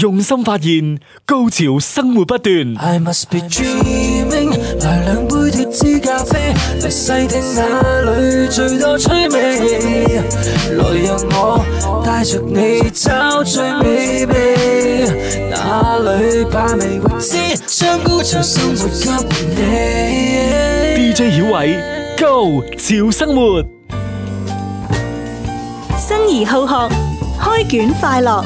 用心發現，高潮生活不斷。I must be dreaming，來兩杯脫脂咖啡，來細聽那裏最多趣味。來讓我帶着你找最美味，哪裏把味先將高潮生活給你。DJ 曉偉，高潮生活，生而好學，開卷快樂。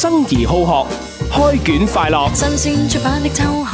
生而好學，開卷快樂。新鮮出版的秋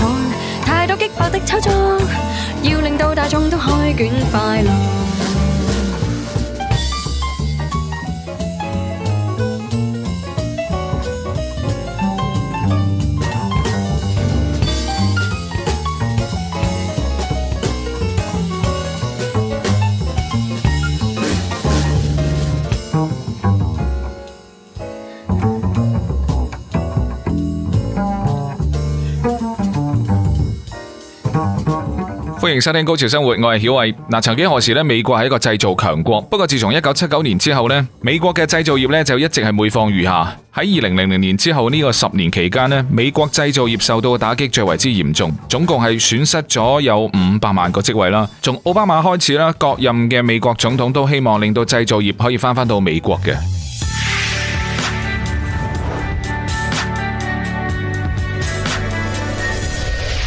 歡迎收聽《高潮生活》，我係曉慧。嗱，曾經何時呢，美國係一個製造強國。不過自從一九七九年之後呢，美國嘅製造業呢就一直係每況愈下。喺二零零零年之後呢個十年期間呢，美國製造業受到嘅打擊最為之嚴重，總共係損失咗有五百萬個職位啦。從奧巴馬開始啦，各任嘅美國總統都希望令到製造業可以返返到美國嘅。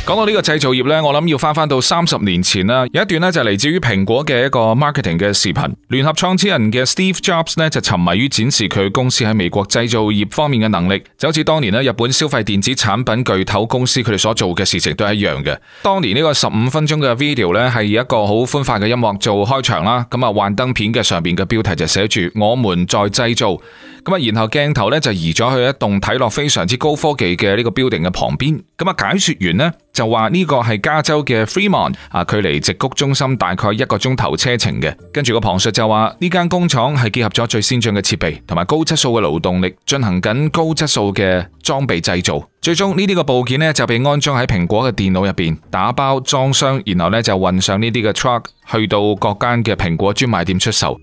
講到呢個製造業呢，我諗要翻翻到三十年前啦，有一段呢，就嚟自於蘋果嘅一個 marketing 嘅視頻，聯合創始人嘅 Steve Jobs 呢，就沉迷於展示佢公司喺美國製造業方面嘅能力，就好似當年呢，日本消費電子產品巨頭公司佢哋所做嘅事情都係一樣嘅。當年呢個十五分鐘嘅 video 呢係以一個好歡快嘅音樂做開場啦，咁啊幻燈片嘅上邊嘅標題就寫住我們在製造，咁啊然後鏡頭呢，就移咗去一棟睇落非常之高科技嘅呢個 building 嘅旁邊，咁啊解說完呢。就話呢個係加州嘅 Fremont 啊，距離直谷中心大概一個鐘頭車程嘅。跟住個旁述就話呢間工廠係結合咗最先進嘅設備同埋高質素嘅勞動力，進行緊高質素嘅裝備製造。最終呢啲，個部件呢，就被安裝喺蘋果嘅電腦入邊，打包裝箱，然後呢就運上呢啲嘅 truck 去到各間嘅蘋果專賣店出售。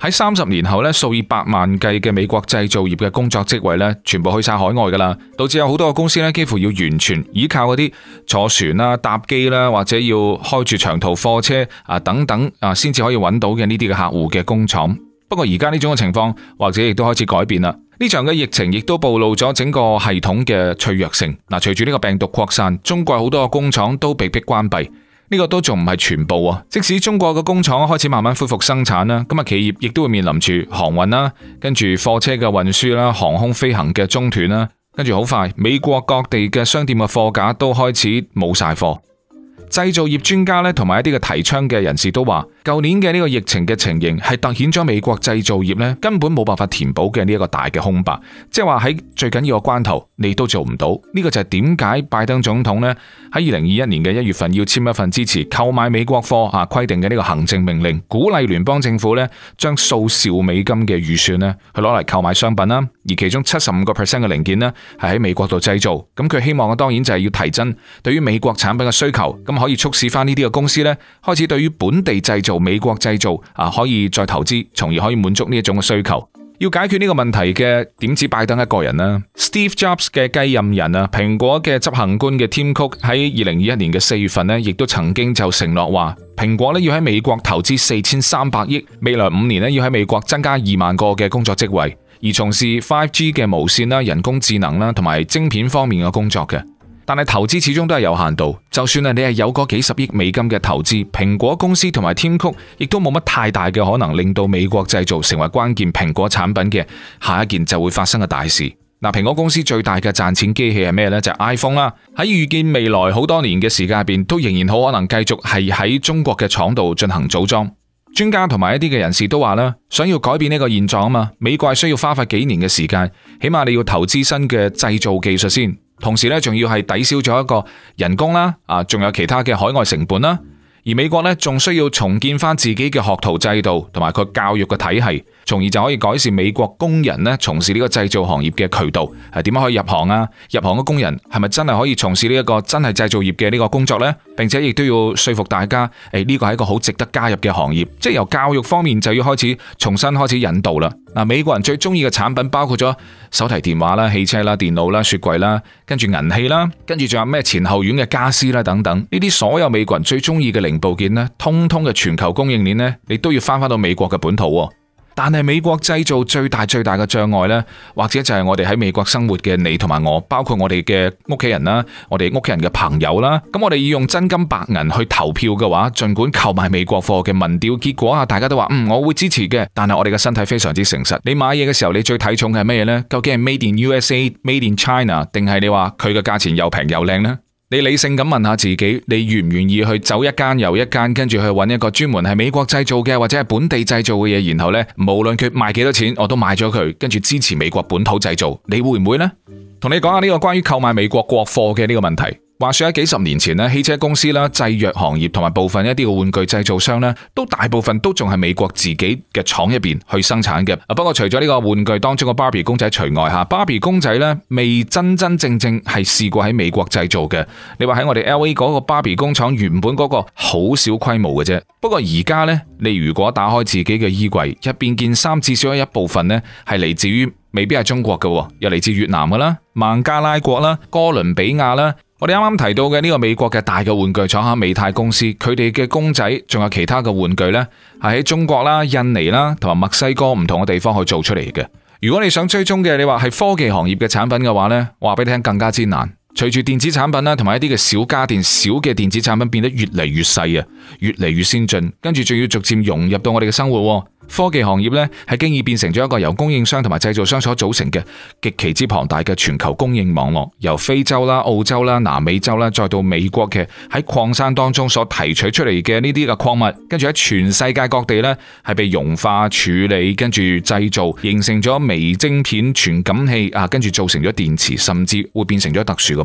喺三十年後咧，數以百萬計嘅美國製造業嘅工作職位咧，全部去晒海外噶啦，導致有好多嘅公司咧，幾乎要完全依靠嗰啲坐船啦、搭機啦，或者要開住長途貨車啊等等啊，先至可以揾到嘅呢啲嘅客戶嘅工廠。不過而家呢種嘅情況，或者亦都開始改變啦。呢場嘅疫情亦都暴露咗整個系統嘅脆弱性。嗱，隨住呢個病毒擴散，中國好多嘅工廠都被迫關閉。呢個都仲唔係全部啊！即使中國嘅工廠開始慢慢恢復生產啦，今日企業亦都會面臨住航運啦，跟住貨車嘅運輸啦，航空飛行嘅中斷啦，跟住好快，美國各地嘅商店嘅貨架都開始冇晒貨。製造業專家咧同埋一啲嘅提倡嘅人士都話。舊年嘅呢個疫情嘅情形，係凸顯咗美國製造業咧根本冇辦法填補嘅呢一個大嘅空白，即係話喺最緊要嘅關頭，你都做唔到。呢個就係點解拜登總統咧喺二零二一年嘅一月份要簽一份支持購買美國貨啊規定嘅呢個行政命令，鼓勵聯邦政府咧將數兆美金嘅預算咧去攞嚟購買商品啦，而其中七十五個 percent 嘅零件咧係喺美國度製造。咁佢希望嘅當然就係要提振對於美國產品嘅需求，咁可以促使翻呢啲嘅公司咧開始對於本地製造。美國製造啊，可以再投資，從而可以滿足呢一種嘅需求。要解決呢個問題嘅，點止拜登一個人啦？Steve Jobs 嘅繼任人啊，蘋果嘅執行官嘅 Tim Cook 喺二零二一年嘅四月份咧，亦都曾經就承諾話，蘋果咧要喺美國投資四千三百億，未來五年咧要喺美國增加二萬個嘅工作職位，而從事 5G 嘅無線啦、人工智能啦同埋晶片方面嘅工作嘅。但係投資始終都係有限度，就算啊你係有嗰幾十億美金嘅投資，蘋果公司同埋 Tim Cook 亦都冇乜太大嘅可能令到美國製造成為關鍵蘋果產品嘅下一件就會發生嘅大事。嗱，蘋果公司最大嘅賺錢機器係咩呢？就係、是、iPhone 啦。喺預見未來好多年嘅時間入邊，都仍然好可能繼續係喺中國嘅廠度進行組裝。專家同埋一啲嘅人士都話啦，想要改變呢個現狀啊嘛，美國需要花費幾年嘅時間，起碼你要投資新嘅製造技術先。同時呢，仲要係抵消咗一個人工啦，啊，仲有其他嘅海外成本啦，而美國呢，仲需要重建翻自己嘅學徒制度同埋佢教育嘅體系。從而就可以改善美國工人咧從事呢個製造行業嘅渠道係點樣可以入行啊？入行嘅工人係咪真係可以從事呢一個真係製造業嘅呢個工作呢？並且亦都要説服大家，誒呢個係一個好值得加入嘅行業。即係由教育方面就要開始重新開始引導啦。嗱，美國人最中意嘅產品包括咗手提電話啦、汽車啦、電腦啦、雪櫃啦，跟住銀器啦，跟住仲有咩前後院嘅家私啦等等。呢啲所有美國人最中意嘅零部件咧，通通嘅全球供應鏈咧，你都要翻翻到美國嘅本土喎。但係美國製造最大最大嘅障礙呢，或者就係我哋喺美國生活嘅你同埋我，包括我哋嘅屋企人啦，我哋屋企人嘅朋友啦，咁我哋要用真金白銀去投票嘅話，盡管購買美國貨嘅民調結果啊，大家都話嗯，我會支持嘅，但係我哋嘅身體非常之誠實。你買嘢嘅時候，你最睇重嘅係咩呢？究竟係 Made in USA、Made in China，定係你話佢嘅價錢又平又靚呢？你理性咁問下自己，你願唔願意去走一間又一間，跟住去揾一個專門係美國製造嘅或者係本地製造嘅嘢，然後呢，無論佢賣幾多錢，我都買咗佢，跟住支持美國本土製造，你會唔會呢？同你講下呢個關於購買美國國貨嘅呢個問題。話說喺幾十年前呢，汽車公司啦、製藥行業同埋部分一啲嘅玩具製造商呢，都大部分都仲係美國自己嘅廠入邊去生產嘅。不過，除咗呢個玩具當中個芭比公仔除外吓，芭比公仔呢未真真正正係試過喺美國製造嘅。你話喺我哋 LA 嗰個芭比工廠，原本嗰個好少規模嘅啫。不過而家呢，你如果打開自己嘅衣櫃，入邊件衫至少有一部分呢係嚟自於未必係中國嘅，又嚟自越南㗎啦、孟加拉國啦、哥倫比亞啦。我哋啱啱提到嘅呢、這個美國嘅大嘅玩具廠，坐下美泰公司，佢哋嘅公仔仲有其他嘅玩具呢係喺中國啦、印尼啦同埋墨西哥唔同嘅地方去做出嚟嘅。如果你想追蹤嘅，你話係科技行業嘅產品嘅話呢話俾你聽更加之難。隨住電子產品啦，同埋一啲嘅小家電、小嘅電子產品變得越嚟越細啊，越嚟越先進，跟住仲要逐漸融入到我哋嘅生活。科技行業呢，係經已變成咗一個由供應商同埋製造商所組成嘅極其之龐大嘅全球供應網絡。由非洲啦、澳洲啦、南美洲啦，再到美國嘅喺礦山當中所提取出嚟嘅呢啲嘅礦物，跟住喺全世界各地呢，係被融化處理，跟住製造形成咗微晶片、傳感器啊，跟住造成咗電池，甚至會變成咗特殊嘅。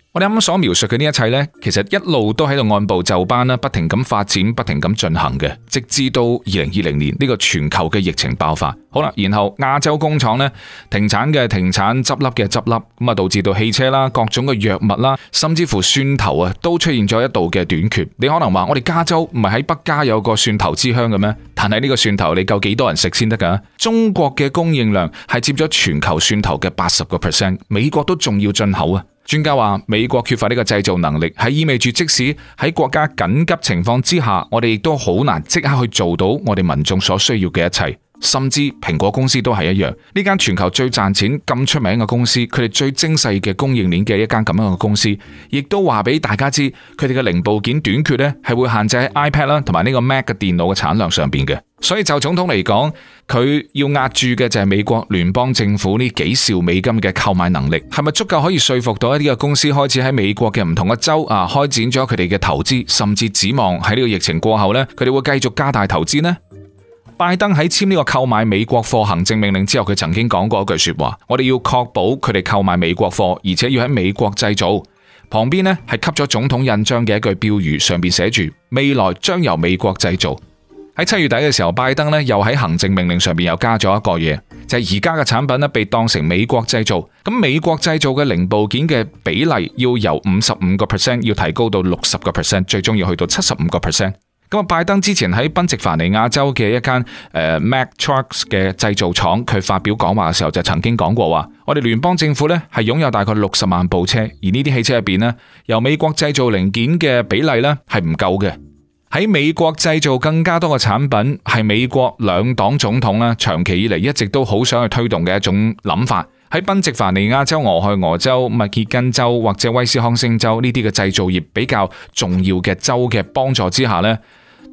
我哋啱啱所描述嘅呢一切呢，其實一路都喺度按部就班啦，不停咁發展，不停咁進行嘅，直至到二零二零年呢個全球嘅疫情爆發。好啦，然後亞洲工廠呢，停產嘅停產，執笠嘅執笠，咁啊導致到汽車啦、各種嘅藥物啦，甚至乎蒜頭啊都出現咗一度嘅短缺。你可能話我哋加州唔係喺北加有個蒜頭之鄉嘅咩？但係呢個蒜頭你夠幾多人食先得噶？中國嘅供應量係佔咗全球蒜頭嘅八十個 percent，美國都仲要進口啊。專家話美。美國缺乏呢個製造能力，係意味住即使喺國家緊急情況之下，我哋亦都好難即刻去做到我哋民眾所需要嘅一切。甚至蘋果公司都係一樣，呢間全球最賺錢、咁出名嘅公司，佢哋最精細嘅供應鏈嘅一間咁樣嘅公司，亦都話俾大家知，佢哋嘅零部件短缺呢係會限制喺 iPad 啦同埋呢個 Mac 嘅電腦嘅產量上邊嘅。所以就總統嚟講。佢要壓住嘅就係美國聯邦政府呢幾兆美金嘅購買能力，係咪足夠可以說服到一啲嘅公司開始喺美國嘅唔同嘅州啊開展咗佢哋嘅投資，甚至指望喺呢個疫情過後呢，佢哋會繼續加大投資呢？拜登喺簽呢個購買美國貨行政命令之後，佢曾經講過一句說話：我哋要確保佢哋購買美國貨，而且要喺美國製造。旁邊呢，係吸咗總統印章嘅一句標語，上面寫，上邊寫住未來將由美國製造。喺七月底嘅時候，拜登咧又喺行政命令上面又加咗一個嘢，就係而家嘅產品咧被當成美國製造，咁美國製造嘅零部件嘅比例要由五十五個 percent 要提高到六十個 percent，最終要去到七十五個 percent。咁啊，拜登之前喺賓夕凡尼亞州嘅一間誒、呃、Mac Trucks 嘅製造廠，佢發表講話嘅時候就是、曾經講過話，我哋聯邦政府咧係擁有大概六十萬部車，而呢啲汽車入邊咧由美國製造零件嘅比例咧係唔夠嘅。喺美國製造更加多嘅產品，係美國兩黨總統咧，長期以嚟一直都好想去推動嘅一種諗法。喺賓夕凡尼亞州、俄亥俄州、密歇根州或者威斯康星州呢啲嘅製造業比較重要嘅州嘅幫助之下咧，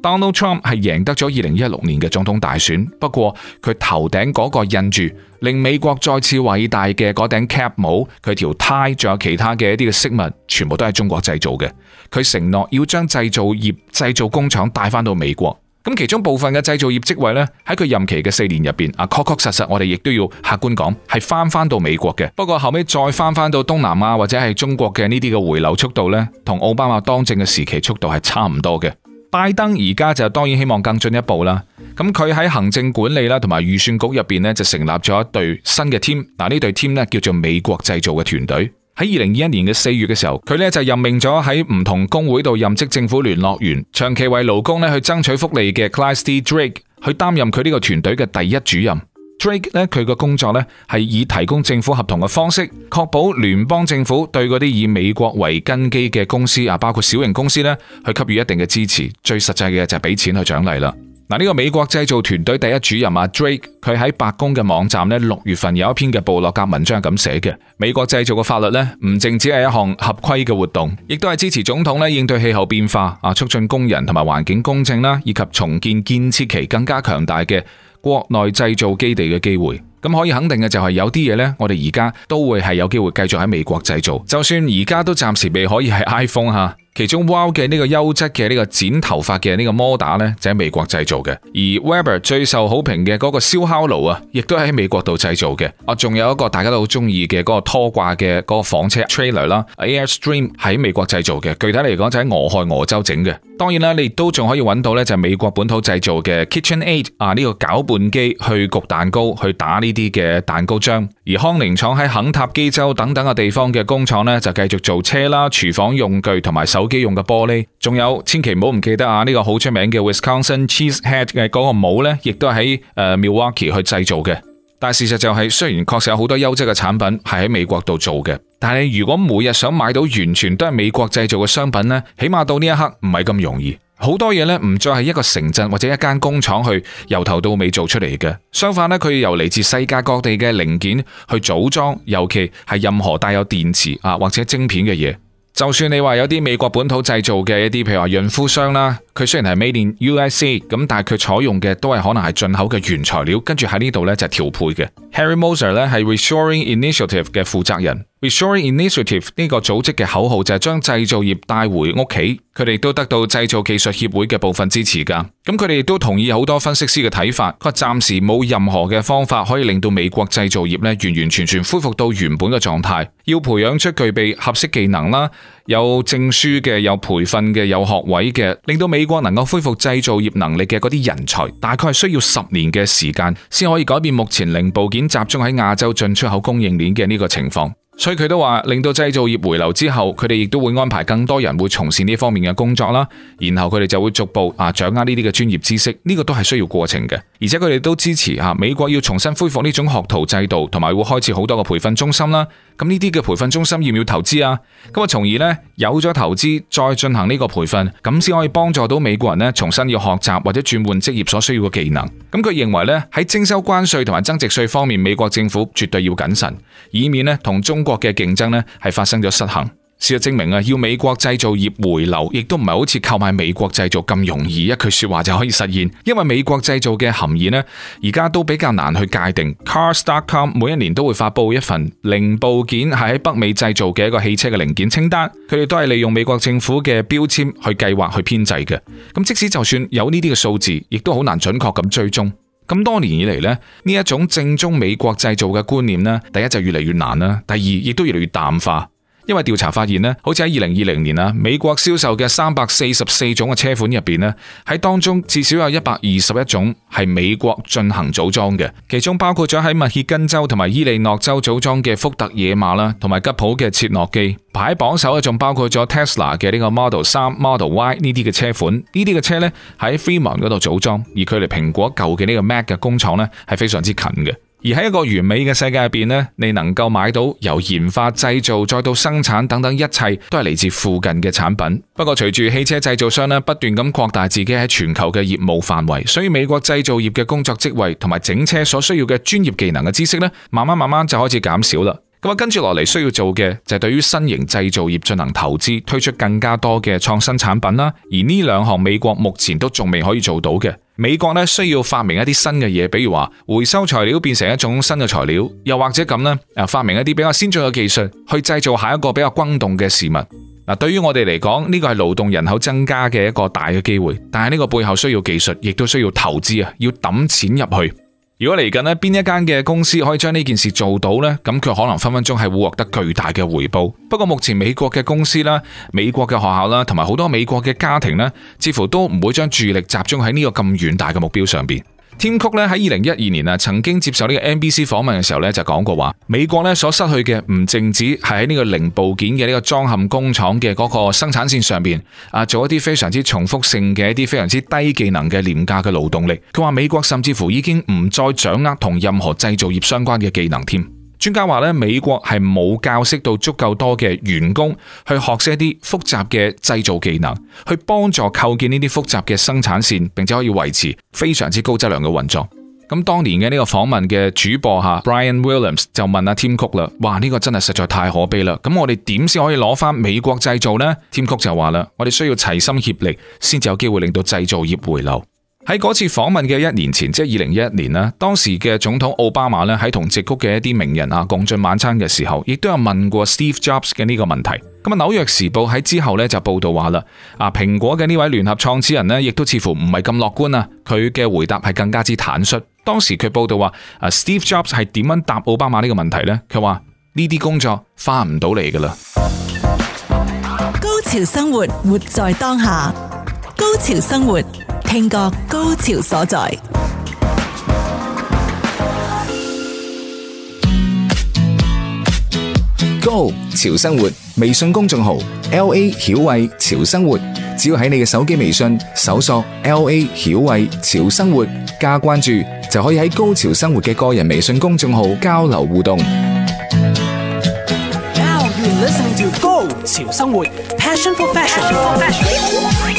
Donald Trump 係贏得咗二零一六年嘅總統大選，不過佢頭頂嗰個印住令美國再次偉大嘅嗰頂 cap 帽，佢條呔仲有其他嘅一啲嘅飾物，全部都係中國製造嘅。佢承諾要將製造業製造工廠帶翻到美國，咁其中部分嘅製造業職位呢，喺佢任期嘅四年入邊啊，確確實實我哋亦都要客觀講係翻翻到美國嘅。不過後尾再翻翻到東南亞或者係中國嘅呢啲嘅回流速度呢，同奧巴馬當政嘅時期速度係差唔多嘅。拜登而家就當然希望更進一步啦，咁佢喺行政管理啦同埋預算局入邊呢，就成立咗一隊新嘅 team，嗱，呢隊 team 呢，隊隊叫做美國製造嘅團隊。喺二零二一年嘅四月嘅時候，佢呢就任命咗喺唔同工會度任職政府聯絡員、長期為勞工呢去爭取福利嘅 Celeste Drake 去擔任佢呢個團隊嘅第一主任。Drake 咧，佢個工作咧係以提供政府合同嘅方式，確保聯邦政府對嗰啲以美國為根基嘅公司啊，包括小型公司咧，去給予一定嘅支持。最實際嘅就係俾錢去獎勵啦。嗱，呢個美國製造團隊第一主任阿 Drake，佢喺白宮嘅網站咧六月份有一篇嘅部落格文章係咁寫嘅：美國製造嘅法律咧，唔淨只係一項合規嘅活動，亦都係支持總統咧應對氣候變化啊，促進工人同埋環境公正啦，以及重建建設期更加強大嘅。國內製造基地嘅機會，咁可以肯定嘅就係有啲嘢咧，我哋而家都會係有機會繼續喺美國製造，就算而家都暫時未可以係 iPhone 吓。其中 Wow 嘅呢個優質嘅呢個剪頭髮嘅呢個摩打咧，就喺美國製造嘅；而 Weber 最受好評嘅嗰個燒烤爐啊，亦都喺美國度製造嘅。啊，仲有一個大家都好中意嘅嗰個拖掛嘅嗰個房車 trailer 啦、啊，Airstream 喺美國製造嘅。具體嚟講就喺俄亥俄州整嘅。當然啦，你亦都仲可以揾到呢，就係美國本土製造嘅 Kitchen Aid 啊呢、呢個攪拌機去焗蛋糕、去打呢啲嘅蛋糕漿。而康寧廠喺肯塔基州等等嘅地方嘅工廠呢，就繼續做車啦、廚房用具同埋手機用嘅玻璃，仲有千祈唔好唔記得啊！呢個好出名嘅 Wisconsin Cheese Head 嘅嗰個帽呢，亦都係喺 Milwaukee 去製造嘅。但係事實就係，雖然確實有好多優質嘅產品係喺美國度做嘅，但係如果每日想買到完全都係美國製造嘅商品呢，起碼到呢一刻唔係咁容易。好多嘢呢，唔再係一個城鎮或者一間工廠去由頭到尾做出嚟嘅，相反呢，佢要由嚟自世界各地嘅零件去組裝，尤其係任何帶有電池啊或者晶片嘅嘢。就算你話有啲美國本土製造嘅一啲，譬如話潤膚霜啦，佢雖然係 made in USA，咁但係佢採用嘅都係可能係進口嘅原材料，跟住喺呢度咧就調配嘅。Harry Moser 咧係 Reshoring Initiative 嘅負責人。Reshoring Initiative 呢個組織嘅口號就係將製造業帶回屋企。佢哋都得到製造技術協會嘅部分支持噶。咁佢哋亦都同意好多分析師嘅睇法，佢話暫時冇任何嘅方法可以令到美國製造業呢完完全全恢復到原本嘅狀態。要培養出具備合適技能啦、有證書嘅、有培訓嘅、有學位嘅，令到美國能夠恢復製造業能力嘅嗰啲人才，大概係需要十年嘅時間先可以改變目前零部件集中喺亞洲進出口供應鏈嘅呢個情況。所以佢都話令到製造業回流之後，佢哋亦都會安排更多人會從事呢方面嘅工作啦。然後佢哋就會逐步啊掌握呢啲嘅專業知識，呢個都係需要過程嘅。而且佢哋都支持啊美國要重新恢復呢種學徒制度，同埋會開設好多嘅培訓中心啦。咁呢啲嘅培訓中心要唔要投資啊？咁啊，從而呢，有咗投資，再進行呢個培訓，咁先可以幫助到美國人呢，重新要學習或者轉換職業所需要嘅技能。咁，嗯，佢認為呢，喺徵收關稅同埋增值稅方面，美國政府絕對要謹慎，以免呢同中國嘅競爭呢係發生咗失衡。事實證明啊，要美國製造業回流，亦都唔係好似購買美國製造咁容易，一句說話就可以實現。因為美國製造嘅含義咧，而家都比較難去界定。Cars.com 每一年都會發布一份零部件係喺北美製造嘅一個汽車嘅零件清單，佢哋都係利用美國政府嘅標籤去計劃去編製嘅。咁即使就算有呢啲嘅數字，亦都好難準確咁追蹤。咁多年以嚟咧，呢一種正宗美國製造嘅觀念咧，第一就越嚟越難啦，第二亦都越嚟越淡化。因為調查發現咧，好似喺二零二零年啊，美國銷售嘅三百四十四種嘅車款入邊咧，喺當中至少有一百二十一種係美國進行組裝嘅，其中包括咗喺密歇根州同埋伊利諾州組裝嘅福特野馬啦，同埋吉普嘅切諾基。排喺榜首嘅仲包括咗 Tesla 嘅呢個 Model 三、Model Y 呢啲嘅車款，呢啲嘅車呢，喺 Fremont 嗰度組裝，而佢離蘋果舊嘅呢個 Mac 嘅工廠呢，係非常之近嘅。而喺一個完美嘅世界入面，呢，你能夠買到由研發、製造再到生產等等一切，都係嚟自附近嘅產品。不過，隨住汽車製造商不斷咁擴大自己喺全球嘅業務範圍，所以美國製造業嘅工作職位同埋整車所需要嘅專業技能嘅知識呢，慢慢慢慢就開始減少啦。咁啊，跟住落嚟需要做嘅就係對於新型製造業進行投資，推出更加多嘅創新產品啦。而呢兩項美國目前都仲未可以做到嘅。美國呢，需要發明一啲新嘅嘢，比如話回收材料變成一種新嘅材料，又或者咁呢，誒發明一啲比較先進嘅技術去製造下一個比較轟動嘅事物。嗱，對於我哋嚟講，呢個係勞動人口增加嘅一個大嘅機會，但係呢個背後需要技術，亦都需要投資啊，要揼錢入去。如果嚟緊咧，邊一間嘅公司可以將呢件事做到呢，咁佢可能分分鐘係會獲得巨大嘅回報。不過目前美國嘅公司啦、美國嘅學校啦，同埋好多美國嘅家庭咧，似乎都唔會將注意力集中喺呢個咁遠大嘅目標上邊。Tim Cook 咧，喺二零一二年啊，曾經接受呢個 NBC 訪問嘅時候咧，就講過話，美國咧所失去嘅唔淨止係喺呢個零部件嘅呢個裝嵌工廠嘅嗰個生產線上邊啊，做一啲非常之重複性嘅一啲非常之低技能嘅廉價嘅勞動力。佢話美國甚至乎已經唔再掌握同任何製造業相關嘅技能添。專家話咧，美國係冇教識到足夠多嘅員工去學識一啲複雜嘅製造技能，去幫助構建呢啲複雜嘅生產線，並且可以維持非常之高質量嘅運作。咁當年嘅呢個訪問嘅主播 Brian Williams 就問阿添曲啦，哇，呢個真係實在太可悲啦。咁我哋點先可以攞翻美國製造呢？添曲就話啦，我哋需要齊心協力，先至有機會令到製造業回流。喺嗰次訪問嘅一年前，即係二零一一年啦，當時嘅總統奧巴馬咧，喺同直谷嘅一啲名人啊共進晚餐嘅時候，亦都有問過 Steve Jobs 嘅呢個問題。咁啊，《紐約時報》喺之後呢，就報道話啦，啊，蘋果嘅呢位聯合創始人呢，亦都似乎唔係咁樂觀啊。佢嘅回答係更加之坦率。當時佢報道話，啊，Steve Jobs 係點樣答奧巴馬呢個問題呢？佢話呢啲工作返唔到嚟噶啦。高潮生活，活在當下。高潮生活。聽覺高潮所在。Go 潮生活微信公眾號 L A 曉慧潮生活，只要喺你嘅手機微信搜索 L A 曉慧潮生活加關注，就可以喺高潮生活嘅個人微信公眾號交流互動。Now you listening to Go 潮生活，Passion for fashion。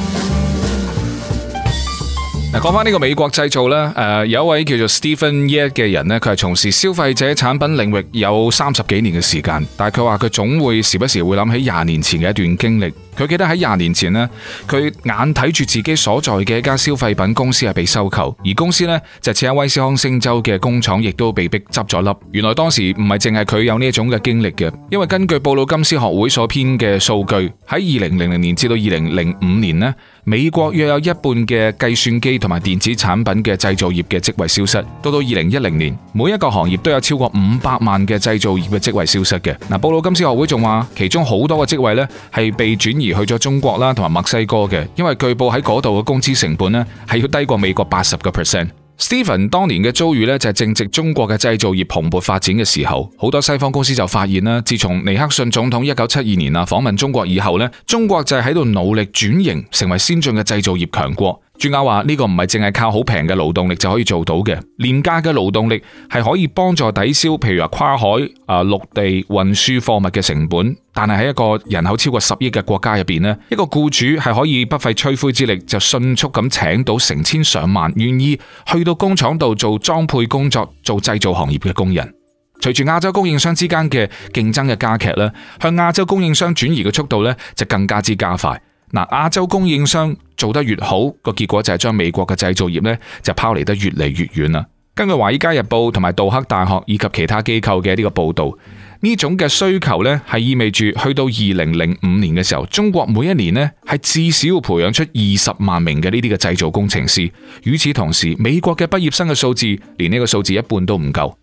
嗱，講翻呢個美國製造咧，誒，有一位叫做 Stephen Ye 嘅人咧，佢係從事消費者產品領域有三十幾年嘅時間，但係佢話佢總會時不時會諗起廿年前嘅一段經歷。佢記得喺廿年前呢，佢眼睇住自己所在嘅一家消費品公司係被收購，而公司呢就設喺威斯康星州嘅工廠，亦都被逼執咗笠。原來當時唔係淨係佢有呢一種嘅經歷嘅，因為根據布魯金斯學會所編嘅數據，喺二零零零年至到二零零五年咧。美國約有一半嘅計算機同埋電子產品嘅製造業嘅職位消失，到到二零一零年，每一個行業都有超過五百萬嘅製造業嘅職位消失嘅。布魯金斯學會仲話，其中好多嘅職位呢係被轉移去咗中國啦，同埋墨西哥嘅，因為據報喺嗰度嘅工資成本呢係要低過美國八十個 percent。Stephen 當年嘅遭遇呢，就係正值中國嘅製造業蓬勃發展嘅時候，好多西方公司就發現啦。自從尼克遜總統一九七二年啊訪問中國以後呢，中國就係喺度努力轉型，成為先進嘅製造業強國。專家話呢個唔係淨係靠好平嘅勞動力就可以做到嘅，廉價嘅勞動力係可以幫助抵消譬如話跨海啊、陸地運輸貨物嘅成本。但係喺一個人口超過十億嘅國家入邊咧，一個僱主係可以不費吹灰之力就迅速咁請到成千上萬願意去到工廠度做裝配工作、做製造行業嘅工人。隨住亞洲供應商之間嘅競爭嘅加劇呢，向亞洲供應商轉移嘅速度呢就更加之加快。嗱，亞洲供應商做得越好，個結果就係將美國嘅製造業呢，就拋離得越嚟越遠啦。根據華爾街日報同埋杜克大學以及其他機構嘅呢個報道，呢種嘅需求呢，係意味住去到二零零五年嘅時候，中國每一年呢，係至少要培養出二十萬名嘅呢啲嘅製造工程師。與此同時，美國嘅畢業生嘅數字連呢個數字一半都唔夠。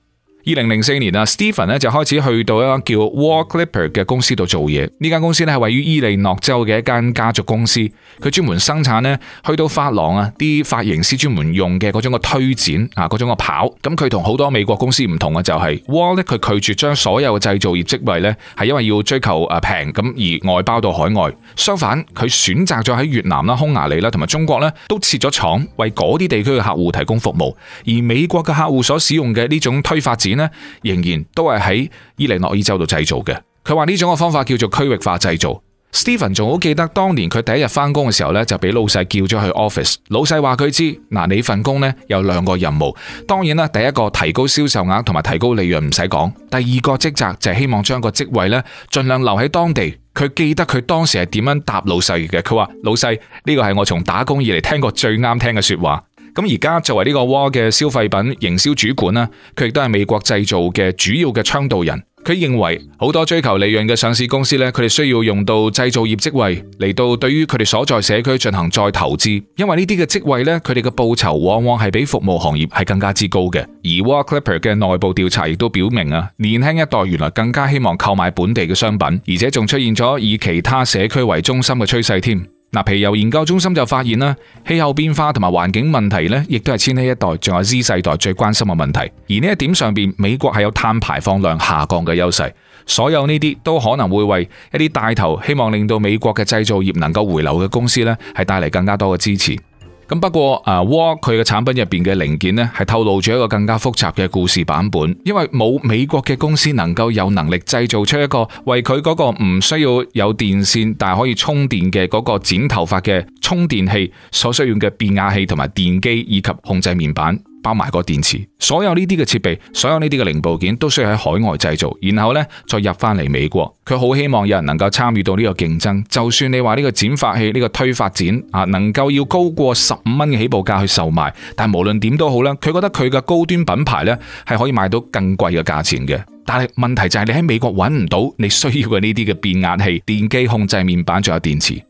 二零零四年啊，Stephen 咧就開始去到一間叫 War Clipper 嘅公司度做嘢。呢間公司咧係位於伊利諾州嘅一間家，家族公司，佢專門生產咧去到髮廊啊，啲髮型師專門用嘅嗰種個推剪啊，嗰種個刨。咁佢同好多美國公司唔同嘅就係 Wall 咧佢拒絕將所有嘅製造業職位呢係因為要追求誒平咁而外包到海外。相反，佢選擇咗喺越南啦、匈牙利啦同埋中國呢都設咗廠，為嗰啲地區嘅客戶提供服務。而美國嘅客戶所使用嘅呢種推髮剪。仍然都係喺伊利諾伊州度製造嘅。佢話呢種嘅方法叫做區域化製造。Stephen 仲好記得當年佢第一日返工嘅時候咧，就俾老細叫咗去 office。老細話佢知嗱，你份工咧有兩個任務。當然啦，第一個提高銷售額同埋提高利潤唔使講。第二個職責就係希望將個職位咧盡量留喺當地。佢記得佢當時係點樣答老細嘅。佢話老細呢個係我從打工以嚟聽過最啱聽嘅說話。而家作為呢個 War 嘅消費品營銷主管啦，佢亦都係美國製造嘅主要嘅倡導人。佢認為好多追求利潤嘅上市公司咧，佢哋需要用到製造業職位嚟到對於佢哋所在社區進行再投資，因為呢啲嘅職位咧，佢哋嘅報酬往往係比服務行業係更加之高嘅。而 War Clipper 嘅內部調查亦都表明啊，年輕一代原來更加希望購買本地嘅商品，而且仲出現咗以其他社區為中心嘅趨勢。嗱，皮尤研究中心就發現啦，氣候變化同埋環境問題呢，亦都係千禧一代仲有 Z 世代最關心嘅問題。而呢一點上邊，美國係有碳排放量下降嘅優勢，所有呢啲都可能會為一啲帶頭希望令到美國嘅製造業能夠回流嘅公司呢，係帶嚟更加多嘅支持。咁不過，誒，Wahl 佢嘅產品入邊嘅零件咧，係透露住一個更加複雜嘅故事版本，因為冇美國嘅公司能夠有能力製造出一個為佢嗰個唔需要有電線但係可以充電嘅嗰個剪頭髮嘅充電器所需要嘅變壓器同埋電機以及控制面板。包埋個電池，所有呢啲嘅設備，所有呢啲嘅零部件都需要喺海外製造，然後呢，再入翻嚟美國。佢好希望有人能夠參與到呢個競爭。就算你話呢個剪髮器呢，呢個推髮展啊，能夠要高過十五蚊嘅起步價去售賣，但係無論點都好啦，佢覺得佢嘅高端品牌呢係可以賣到更貴嘅價錢嘅。但係問題就係你喺美國揾唔到你需要嘅呢啲嘅變壓器、電機控制面板，仲有電池。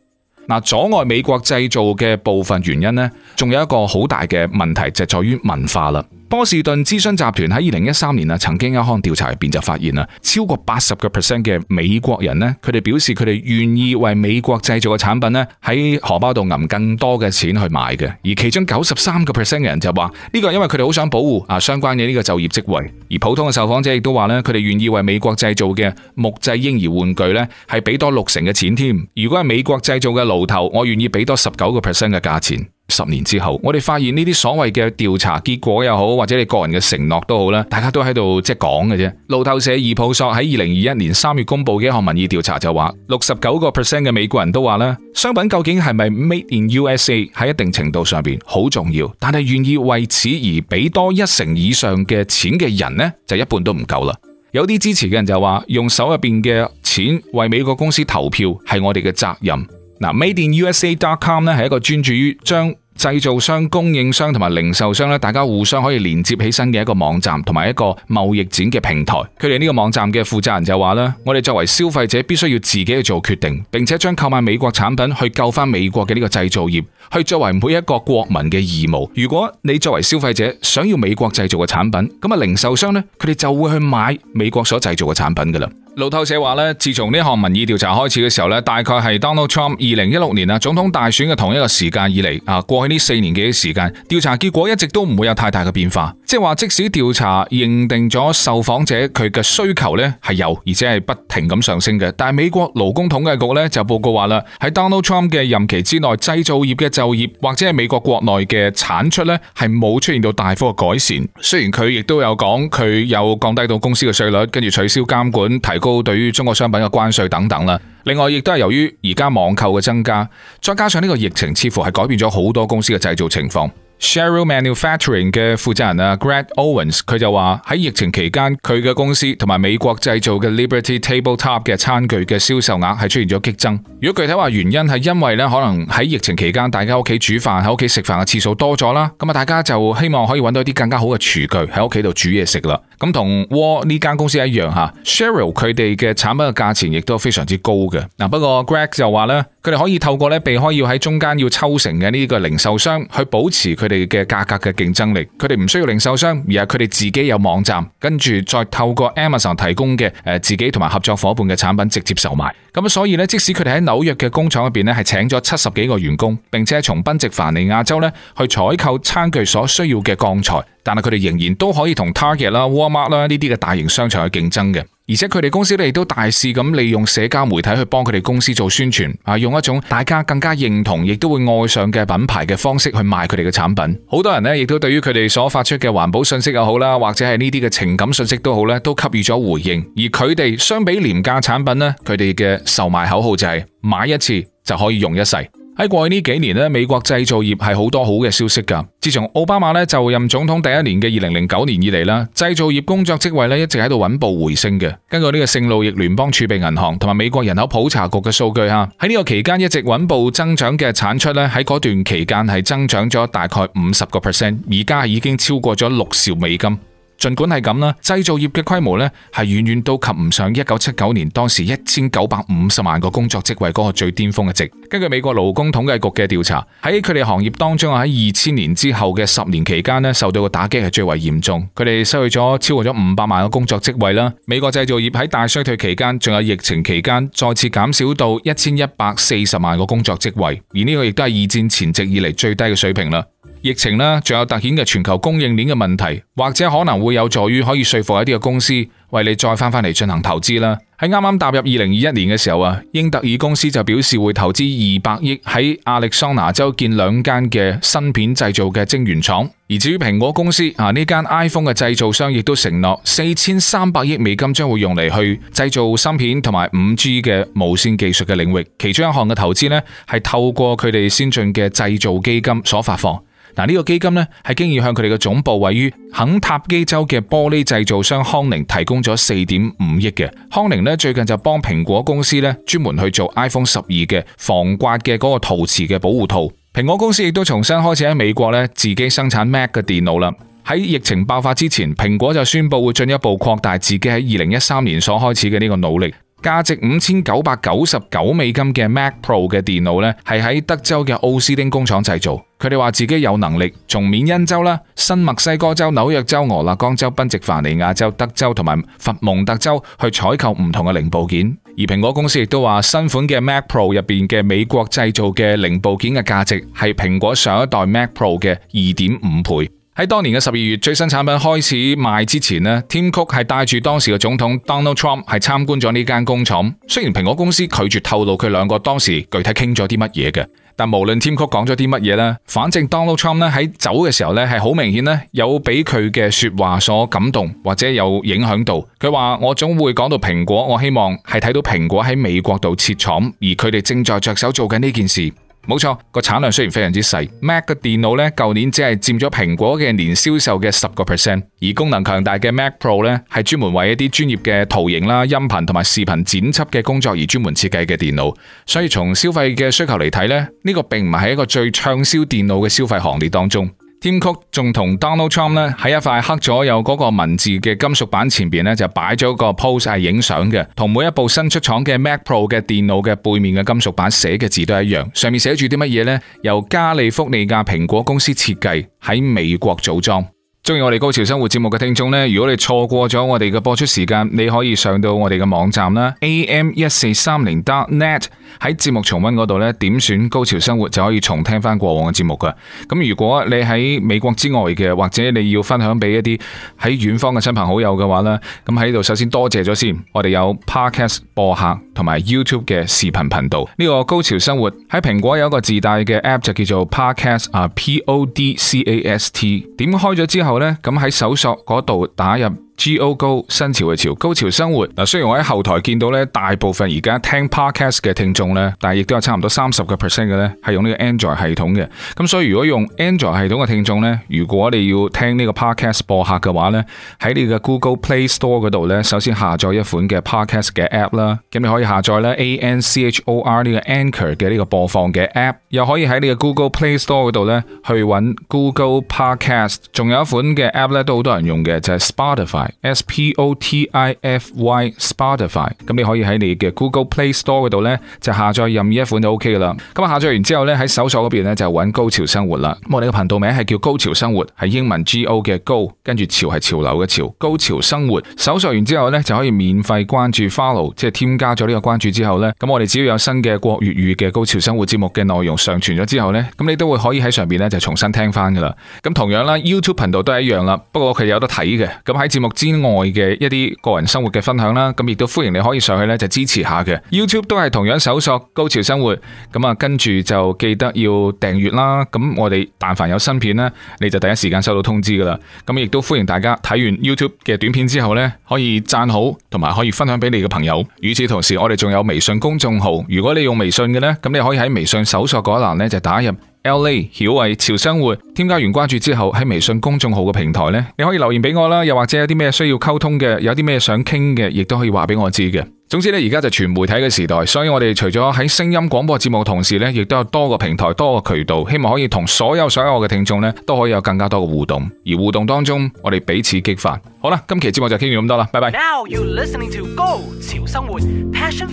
阻礙美國製造嘅部分原因呢，仲有一個好大嘅問題，就是在於文化啦。波士頓諮詢集團喺二零一三年啊，曾經一項調查入邊就發現啦，超過八十個 percent 嘅美國人咧，佢哋表示佢哋願意為美國製造嘅產品咧，喺荷包度揞更多嘅錢去買嘅。而其中九十三個 percent 嘅人就話，呢個係因為佢哋好想保護啊相關嘅呢個就業職位。而普通嘅受訪者亦都話咧，佢哋願意為美國製造嘅木製嬰兒玩具咧，係俾多六成嘅錢添。如果係美國製造嘅爐頭，我願意俾多十九個 percent 嘅價錢。十年之後，我哋發現呢啲所謂嘅調查結果又好，或者你個人嘅承諾都好啦，大家都喺度即係講嘅啫。路透社益普索喺二零二一年三月公布嘅一項民意調查就話，六十九個 percent 嘅美國人都話啦，商品究竟係咪 made in USA 喺一定程度上邊好重要，但係願意為此而俾多一成以上嘅錢嘅人呢，就一半都唔夠啦。有啲支持嘅人就話，用手入邊嘅錢為美國公司投票係我哋嘅責任。嗱，MadeInUSA.com 咧係一個專注於將製造商、供應商同埋零售商咧，大家互相可以連接起身嘅一個網站同埋一個貿易展嘅平台。佢哋呢個網站嘅負責人就話咧：我哋作為消費者必須要自己去做決定，並且將購買美國產品去救返美國嘅呢個製造業，去作為每一個國民嘅義務。如果你作為消費者想要美國製造嘅產品，咁啊零售商咧，佢哋就會去買美國所製造嘅產品㗎啦。老透社話，自從呢項民意調查開始嘅時候，大概係 Donald Trump 二零一六年啊總統大選嘅同一個時間以嚟啊，過去呢四年嘅時間，調查結果一直都唔會有太大嘅變化。即係話，即使調查認定咗受訪者佢嘅需求呢係有，而且係不停咁上升嘅，但係美國勞工統計局呢就報告話啦，喺 Donald Trump 嘅任期之內，製造業嘅就業或者係美國國內嘅產出呢，係冇出現到大幅嘅改善。雖然佢亦都有講佢有降低到公司嘅稅率，跟住取消監管，提高對於中國商品嘅關稅等等啦。另外，亦都係由於而家網購嘅增加，再加上呢個疫情，似乎係改變咗好多公司嘅製造情況。Cheryl Manufacturing 嘅負責人啊，Greg Owens，佢就話喺疫情期間，佢嘅公司同埋美國製造嘅 Liberty Tabletop 嘅餐具嘅銷售額係出現咗激增。如果具體話原因係因為咧，可能喺疫情期間大家屋企煮飯，喺屋企食飯嘅次數多咗啦，咁啊大家就希望可以揾到一啲更加好嘅廚具喺屋企度煮嘢食啦。咁同 War 呢間公司一樣吓，Cheryl 佢哋嘅產品嘅價錢亦都非常之高嘅。嗱，不過 Greg 就話咧，佢哋可以透過咧避開要喺中間要抽成嘅呢個零售商，去保持佢哋嘅價格嘅競爭力。佢哋唔需要零售商，而係佢哋自己有網站，跟住再透過 Amazon 提供嘅，誒自己同埋合作伙伴嘅產品直接售賣。咁所以呢，即使佢哋喺紐約嘅工廠入邊咧係請咗七十幾個員工，並且從賓夕凡尼亞州咧去採購餐具所需要嘅鋼材，但係佢哋仍然都可以同 Target 啦、Walmart 啦呢啲嘅大型商場去競爭嘅。而且佢哋公司咧亦都大肆咁利用社交媒體去幫佢哋公司做宣傳，啊，用一種大家更加認同，亦都會愛上嘅品牌嘅方式去賣佢哋嘅產品。好多人咧，亦都對於佢哋所發出嘅環保信息又好啦，或者係呢啲嘅情感信息都好啦，都給予咗回應。而佢哋相比廉價的產品呢，佢哋嘅售賣口號就係、是、買一次就可以用一世。喺過去呢幾年，美國製造業係好多好嘅消息噶。自從奧巴馬就任總統第一年嘅二零零九年以嚟啦，製造業工作職位一直喺度穩步回升嘅。根據呢個聖路易聯邦儲備銀行同埋美國人口普查局嘅數據吓，喺呢個期間一直穩步增長嘅產出咧，喺嗰段期間係增長咗大概五十個 percent，而家已經超過咗六兆美金。盡管係咁啦，製造業嘅規模呢，係遠遠都及唔上一九七九年當時一千九百五十萬個工作職位嗰個最巔峰嘅值。根據美國勞工統計局嘅調查，喺佢哋行業當中喺二千年之後嘅十年期間呢，受到嘅打擊係最為嚴重。佢哋失去咗超過咗五百萬個工作職位啦。美國製造業喺大衰退期間，仲有疫情期間再次減少到一千一百四十萬個工作職位，而呢個亦都係二戰前夕以嚟最低嘅水平啦。疫情啦，仲有凸顯嘅全球供應鏈嘅問題，或者可能會有助於可以說服一啲嘅公司為你再返返嚟進行投資啦。喺啱啱踏入二零二一年嘅時候啊，英特爾公司就表示會投資二百億喺亞利桑拿州建兩間嘅芯片製造嘅晶圓廠。而至於蘋果公司啊呢間 iPhone 嘅製造商亦都承諾四千三百億美金將會用嚟去製造芯片同埋五 G 嘅無線技術嘅領域。其中一項嘅投資呢，係透過佢哋先進嘅製造基金所發放。嗱呢個基金呢，係經已向佢哋嘅總部位於肯塔基州嘅玻璃製造商康寧提供咗四點五億嘅。康寧呢，最近就幫蘋果公司呢，專門去做 iPhone 十二嘅防刮嘅嗰個陶瓷嘅保護套。蘋果公司亦都重新開始喺美國呢，自己生產 Mac 嘅電腦啦。喺疫情爆發之前，蘋果就宣布會進一步擴大自己喺二零一三年所開始嘅呢個努力。價值五千九百九十九美金嘅 Mac Pro 嘅電腦呢，係喺德州嘅奧斯汀工廠製造。佢哋話自己有能力從緬因州啦、新墨西哥州、紐約州、俄勒岡州、賓夕法尼亞州、德州同埋佛蒙特州去採購唔同嘅零部件。而蘋果公司亦都話，新款嘅 Mac Pro 入面嘅美國製造嘅零部件嘅價值係蘋果上一代 Mac Pro 嘅二點五倍。喺當年嘅十二月，最新產品開始賣之前咧，Tim Cook 係帶住當時嘅總統 Donald Trump 係參觀咗呢間工廠。雖然蘋果公司拒絕透露佢兩個當時具體傾咗啲乜嘢嘅，但無論 Tim Cook 講咗啲乜嘢咧，反正 Donald Trump 咧喺走嘅時候呢係好明顯咧有俾佢嘅說話所感動或者有影響到。佢話：我總會講到蘋果，我希望係睇到蘋果喺美國度設廠，而佢哋正在着手做緊呢件事。冇錯，個產量雖然非常之細，Mac 嘅電腦咧，舊年只係佔咗蘋果嘅年銷售嘅十個 percent，而功能強大嘅 Mac Pro 咧，係專門為一啲專業嘅圖形啦、音頻同埋視頻剪輯嘅工作而專門設計嘅電腦，所以從消費嘅需求嚟睇咧，呢個並唔係一個最暢銷電腦嘅消費行列當中。Tim Cook 仲同 Donald Trump 咧喺一塊刻咗有嗰個文字嘅金屬板前邊呢，就擺咗個 pose 係影相嘅，同每一部新出廠嘅 Mac Pro 嘅電腦嘅背面嘅金屬板寫嘅字都一樣，上面寫住啲乜嘢咧？由加利福尼亞蘋果公司設計，喺美國組裝。中意我哋高潮生活節目嘅聽眾呢？如果你錯過咗我哋嘅播出時間，你可以上到我哋嘅網站啦，am 一四三零 dot net 喺節目重溫嗰度呢，點選高潮生活就可以重聽翻過往嘅節目噶。咁如果你喺美國之外嘅，或者你要分享俾一啲喺遠方嘅親朋好友嘅話呢，咁喺度首先多謝咗先。我哋有 podcast 播客同埋 YouTube 嘅視頻頻道。呢個高潮生活喺蘋果有一個自帶嘅 app 就叫做 podcast，啊、p o d c a s t 點開咗之後。咁喺搜索嗰度打入。G O Go 新潮，嘅潮高潮生活。嗱，雖然我喺後台見到咧，大部分而家聽 podcast 嘅聽眾咧，但係亦都有差唔多三十個 percent 嘅咧係用呢個 Android 系統嘅。咁所以如果用 Android 系統嘅聽眾咧，如果你要聽呢個 podcast 播客嘅話咧，喺你嘅 Google Play Store 度咧，首先下載一款嘅 podcast 嘅 app 啦，咁你可以下載咧 A N C H O R 呢個 anchor 嘅呢個播放嘅 app，又可以喺你嘅 Google Play Store 度咧去揾 Google Podcast，仲有一款嘅 app 咧都好多人用嘅就係、是、Spotify。s, s p o t i f y Spotify，咁你可以喺你嘅 Google Play Store 度呢，就下載任意一款就 OK 噶啦。咁啊，下載完之後呢，喺搜索嗰邊呢，就揾高潮生活啦。咁我哋嘅頻道名係叫高潮生活，係英文 G O 嘅高，跟住潮係潮流嘅潮，高潮生活。搜索完之後呢，就可以免費關注 follow，即係添加咗呢個關注之後呢。咁我哋只要有新嘅國粵語嘅高潮生活節目嘅內容上傳咗之後呢，咁你都會可以喺上邊呢，就重新聽翻噶啦。咁同樣啦，YouTube 頻道都係一樣啦，不過佢有得睇嘅。咁喺節目之外嘅一啲個人生活嘅分享啦，咁亦都歡迎你可以上去呢就支持下嘅。YouTube 都係同樣搜索高潮生活，咁啊，跟住就記得要訂閱啦。咁我哋但凡有新片呢，你就第一時間收到通知噶啦。咁亦都歡迎大家睇完 YouTube 嘅短片之後呢，可以讚好同埋可以分享俾你嘅朋友。與此同時，我哋仲有微信公眾號，如果你用微信嘅呢，咁你可以喺微信搜索嗰一欄呢就打入 LA 曉慧潮生活。添加完關注之後喺微信公眾號嘅平台呢，你可以留言俾我啦，又或者有啲咩需要溝通嘅，有啲咩想傾嘅，亦都可以話俾我知嘅。總之呢，而家就全媒體嘅時代，所以我哋除咗喺聲音廣播節目同時呢，亦都有多個平台、多個渠道，希望可以同所有所有嘅聽眾呢，都可以有更加多嘅互動。而互動當中，我哋彼此激發。好啦，今期節目就傾到咁多啦，拜拜。Now you listening you to Go，潮生活，Passion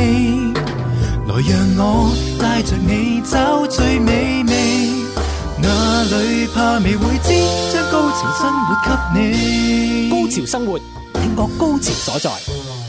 來讓我帶着你找最美味，哪裡怕未會知，將高潮生活給你。高潮生活，聽我高潮所在。